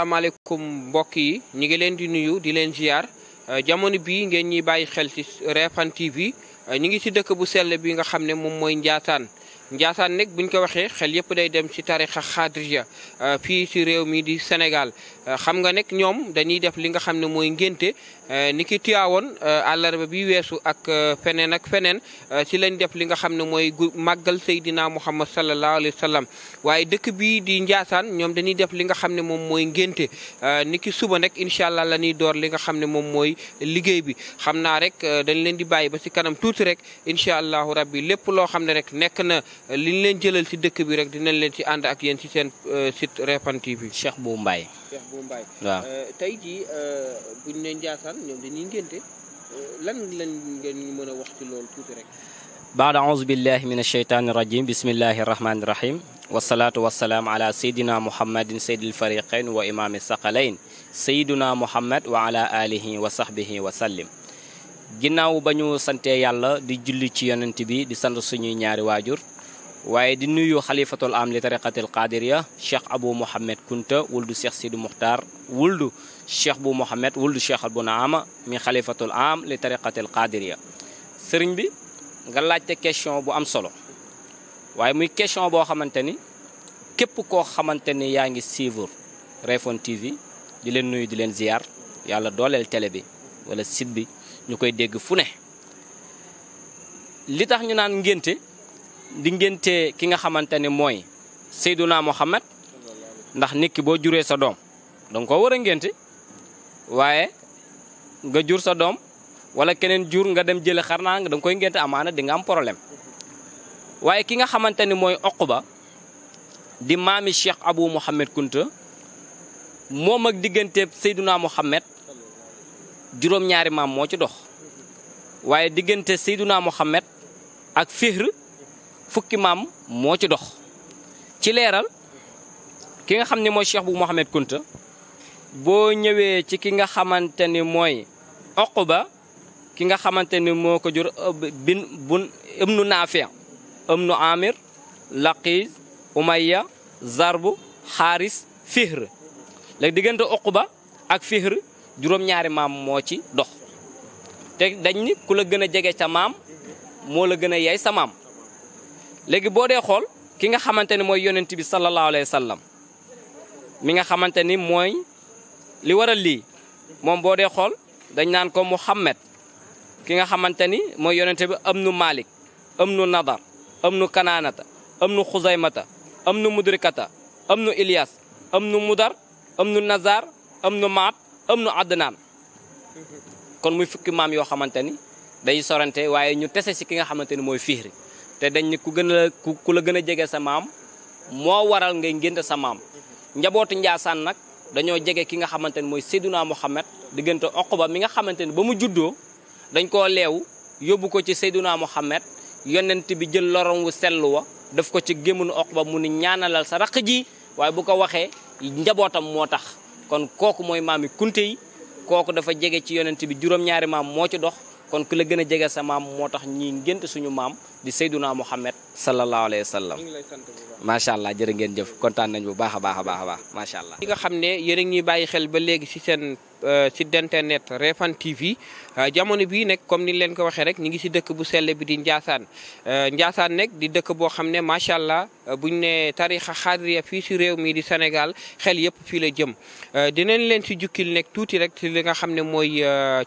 asalaamaaleykum mbokk yi ñu ngi leen di nuyu di leen ziar euh, jamono bii ngeen ñi bàyyi xel ci Refane bi euh, ñu ngi ci dëkk bu sell bi nga xam ne moom mooy Ndiassane Ndiassane nag ñu ko waxee xel yëpp day dem ci tarixa xaadiriya euh, fii ci réew mi di Sénégal euh, xam nga nekk ñoom dañuy def li nga xam ne mooy ngénte euh, ni ki tuyaawoon àllarba bi weesu ak feneen ak feneen ci lañ def li nga xam ne mooy màggal Seydina Muhammad sallallahu alayhi wa sallam waaye dëkk bii di Ndiassane ñoom dañuy def li nga xam ne moom mooy ngénte ni ki suba nag incha allah la ñuy door li nga xam ne moom mooy liggéey bi xam naa rek dañ leen di bàyyi ba ci kanam tuuti rek incha allahu rabbi lépp loo xam ne rek nekk na li leen jëlal ci dëkk bi rek dinañ leen ci ànd ak yéen ci seen euh, site Refane TV. Cheikh Bou Mbaye. Cheikh Bou Mbaye. waaw euh, tey jii euh, buñ leen jaasaan ñoom dañuy ngénte lañ ngeen mën a wax ci loolu tuuti rek. baada auzu billahi min asheytaani rajim bismillahi rahmaani rahim. wasalaatu wasalaam ala sayyidina muhammadin sayyidil fariqayn wa imaami saqalayn sayyiduna muhammad wa ala wa sahbihi wa sallim. ginnaaw ba ñu sante yàlla di julli ci yonent bi di sant suñuy ñaari waajur. waaye di nuyu xalifatul am li tariqatil qadiriya cheikh abou mohammed kunta wuldu cheikh sidou mukhtar wuldu cheikh bou mohammed wuldu cheikh al albunaama mi xalifatul am li tariqatil qadiriya serigne bi nga laajte question bu am solo waaye muy question boo xamante ni képp koo xamante ni yaa ngi suivre refon TV di leen nuyu di leen ziar yàlla dooleel télé bi wala site bi ñu koy dégg fu ne li tax ñu naan ngénte diggante ki nga xamante ne mooy Seydouna Mohamed ndax nit boo juree sa doom danga koo war a waaye nga jur sa doom wala keneen jur nga dem jële xarnaa nga danga koy ngénte amaana dinga am problème waaye ki nga xamante ni mooy ba di maami Cheikh Abou Mohamed Kunta moom ak diggante Seydouna Mohamed juróom-ñaari maam moo ci dox waaye diggante Seydouna Mohamed ak Fihr fukki mam moo ci dox ci leeral ki nga xam ne cheikh bu Mohamed Kunta boo ñëwee ci ki nga xamante ni mooy ki nga xamante ni jur euh, bin bun ibnu Naafi Amir Laqiz Umayya Zarbu Haris, Fihr léegi diggante Oqba ak Fihr juro ñaari mam moo ci dox te dañ ni ku yai samam. la yey sa léegi bo dé xol ki nga xamanténi moy yonnati bi sallallahu alayhi wasallam mi nga xamanténi moy li waral li mom bo dé xol dañ nan ko Muhammad ki nga xamanténi moy yonnati bi amnu Malik amnu Nadar amnu kananata amnu khuzaimata amnu Mudrikata amnu Ilyas amnu Mudar amnu Nazar amnu mat amnu adnan kon muy fukki mam yo xamanténi day sorante waye ñu téssé ci ki nga xamanténi moy fihri te dañ ne ku gën a ku la gën a jege sa maam moo waral ngay ngénte sa maam njabootu Njaasaan nag dañoo jege ki nga xamante ne mooy Seyduna Muhammad diggante ba mi nga xamante ne ba mu juddoo dañ koo leew yóbbu ko ci Seyduna Muhammad yonent bi jël lorom wu sellu wa daf ko ci gémmunu Oqba mu ni ñaanalal sa raq ji waaye bu ko waxee njabootam moo tax kon kooku mooy maami kunte yi kooku dafa jege ci yonent bi juróom-ñaari maam moo ci dox kon ku la gën a jege sa maam moo tax ñii ngénte suñu maam di Seydouna Muhammad sallallahu alayhi wa sallam macha allah jërë ngeen jëf kontaan nañ bu baax a baax a baax a baax macha allah. li nga xam ne yéen ngi bàyyi xel ba léegi ci seen site euh, internet Refane TV euh, jamono bii nag comme ni leen ko waxee rek ñu ngi si dëkk bu sell bi di Ndiassane euh, Ndiassane nag di dëkk boo xam ne macha allah buñ ne tarixa xaadiriya fii si réew mi di Sénégal xel yëpp fii la jëm dinañ leen si jukkil nekk tuuti rek li nga xam ne mooy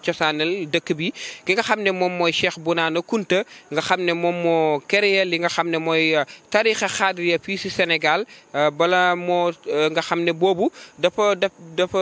cosaanal dëkk bi ki nga xam ne moom mooy Cheikh Bounana Kunta nga xam ne moom moo créé li nga xam ne mooy tarixa xaadiriya fii si Sénégal bala moo nga xam ne boobu dafa dafa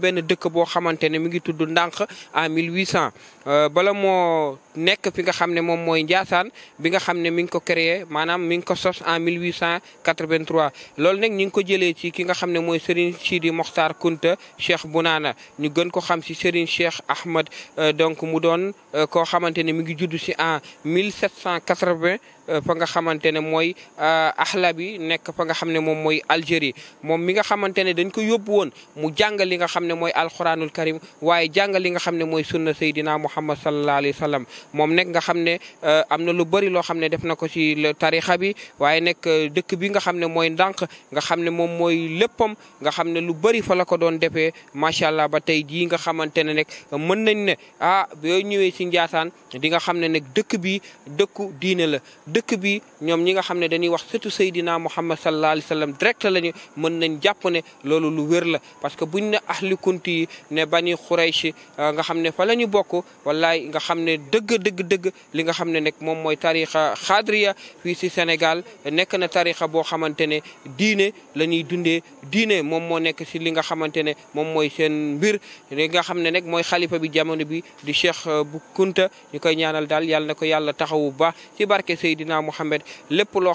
benn dëkk boo xamante ne mi ngi tudd ndànk en 1800 euh, bala moo nekk fi nga xam ne moom mooy Ndiassane bi nga xam ne mi ngi ko créé maanaam mi ngi ko sos en 1883 loolu nag ñi ngi ko jëlee ci ki nga xam ne mooy Serigne Sidi Mokhtar Kunta Cheikh Bounana ñu gën ko xam si Serigne Cheikh Ahmed euh, donc mu doon euh, koo xamante ne mi ngi judd si en 1780. fa nga xamante ne mooy euh, axla bi nekk fa nga xam ne moom mooy Algérie moom mi nga xamante ne dañ ko yóbbu woon mu jàngal li nga xam ne mooy alxuraanul karim waaye jàngal li nga xam ne mooy sunna Seydina Muhammad sallallahu alayhi wa sallam moom nekk nga xam ne euh, am na lu bari loo xam ne def na ko ci tarixa bi waaye nekk euh, dëkk bi nga xam ne mooy ndànk nga xam ne moom mooy léppam nga xam ne lu bëri fa la ko doon defee macha allah ba tey jii nga xamante ne nek mën nañ ne ah boo ñëwee ci Njaasaan di nga xam ne nag dëkk bi dëkku diine la dëkk bi ñoom ñi nga xam ne dañuy wax surtout Seydina Muhammad sallallahu alayhi wa sallam direct la ñu mën nañ jàpp ne loolu lu wér la parce que buñ ne ahli kunti yi ne bani xurayshi euh, nga xam ne fa la ñu bokk wallaay nga xam ne dëgg dëgg dëgg li nga xam ne nekk moom mooy tarixa xaadriya fii si Sénégal nekk na tarixa boo xamante ne diine la ñuy dundee diine moom moo nekk si li nga xamante ne moom mooy seen mbir li nga xam ne nekk mooy xalifa bi jamono bi di Cheikh euh, bu Kunta ñu koy ñaanal daal yàlla na ko yàlla taxawu baax ci barke Seydina Seydina Mohamed lepp lo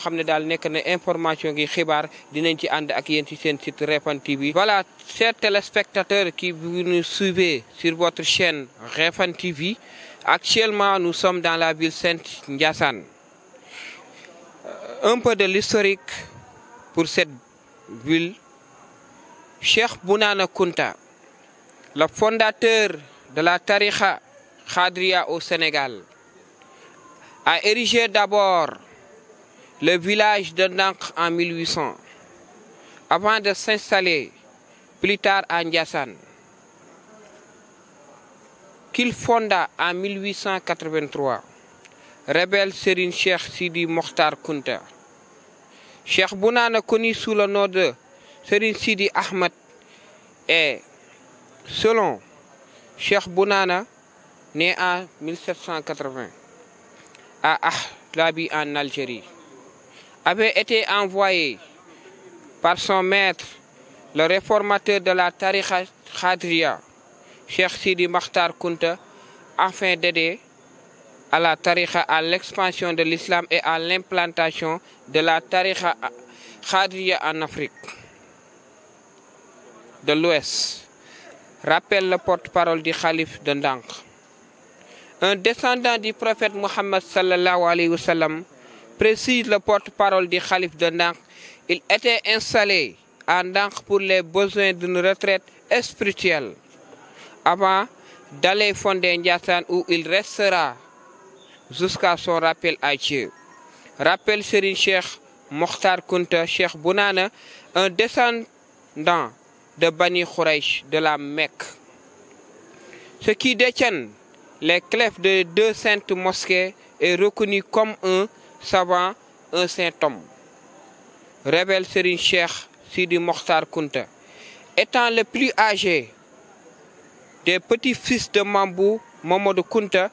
information gi ci ak ci site TV voilà chers téléspectateurs qui nous suivez sur votre chaîne Refan TV actuellement nous sommes dans la ville saint Ndiassane euh, un peu de l'historique pour cette ville Cheikh Bounana Kunta le fondateur de la tariqa Khadria au Sénégal a érigé d'abord le village de Nank en 1800, avant de s'installer plus tard à Ndiassan, qu'il fonda en 1883. Rebelle Serine Cheikh Sidi Mokhtar Kunta. Cheikh Bounana, connu sous le nom de Serine Sidi Ahmed, est, selon Cheikh Bounana, né en 1780 à en Algérie, avait été envoyé par son maître, le réformateur de la Tariqa Khadria, Cheikh Sidi Makhtar Kunta, afin d'aider à la Tariqa à l'expansion de l'islam et à l'implantation de la Tariqa Khadria en Afrique de l'Ouest, rappelle le porte-parole du calife de un descendant du prophète Mohammed sallallahu alayhi wa sallam, précise le porte-parole du calife de Nank, il était installé à Nank pour les besoins d'une retraite spirituelle avant d'aller fonder Ndiassan où il restera jusqu'à son rappel à Dieu. Rappel sur une Cheikh mohtar Kunta, Cheikh Bounana, un descendant de Bani Khouraïch de la Mecque. Ce qui détiennent les clefs de deux saintes mosquées est reconnu comme un savant, un saint homme. révèle Serine Cheikh Sidi Mokhtar Kunta. Étant le plus âgé des petits-fils de Mambou, Mamadou Kunta,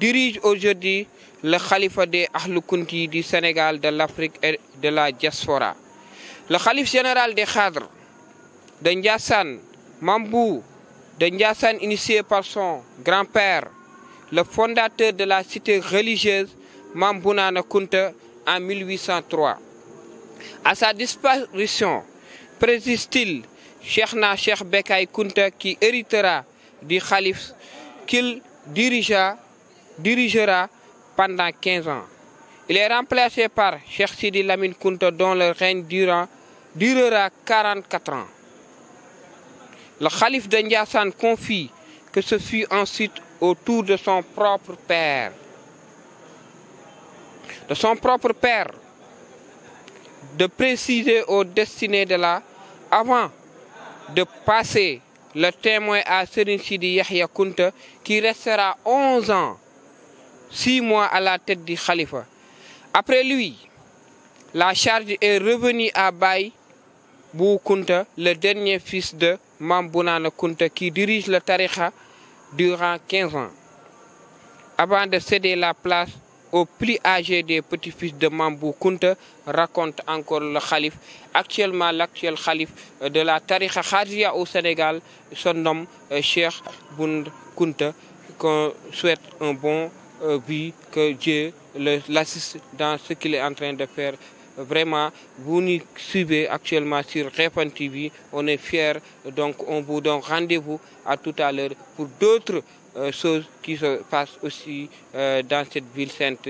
dirige aujourd'hui le Khalifa des Ahlou du Sénégal, de l'Afrique et de la diaspora. Le Khalife général des Khadr, de Ndiassan, Mambou, de Ndiassan initié par son grand-père, le fondateur de la cité religieuse Mambounana Kunta en 1803. À sa disparition, présiste-t-il Cheikhna Cheikh Bekay Kunta qui héritera du calife qu'il dirigera pendant 15 ans. Il est remplacé par Cheikh Sidi Lamine Kunta dont le règne durera 44 ans. Le calife de confie que ce fut ensuite autour de son propre père. De son propre père. De préciser aux destinées de la avant de passer le témoin à Serin Sidi Yahya Kunta qui restera 11 ans, 6 mois à la tête du Khalifa. Après lui, la charge est revenue à Baye Bou le dernier fils de Mambounana Kunta qui dirige le Tariqa durant 15 ans, avant de céder la place au plus âgé des petits-fils de Mambou Kunta, raconte encore le calife. Actuellement, l'actuel calife de la Tariqa Khadija au Sénégal son nom, euh, Cheikh Bound Kunta, qu'on souhaite un bon euh, vie, que Dieu l'assiste dans ce qu'il est en train de faire Vraiment, vous nous suivez actuellement sur Réfan TV. On est fiers. Donc, on vous donne rendez-vous à tout à l'heure pour d'autres euh, choses qui se passent aussi euh, dans cette ville sainte.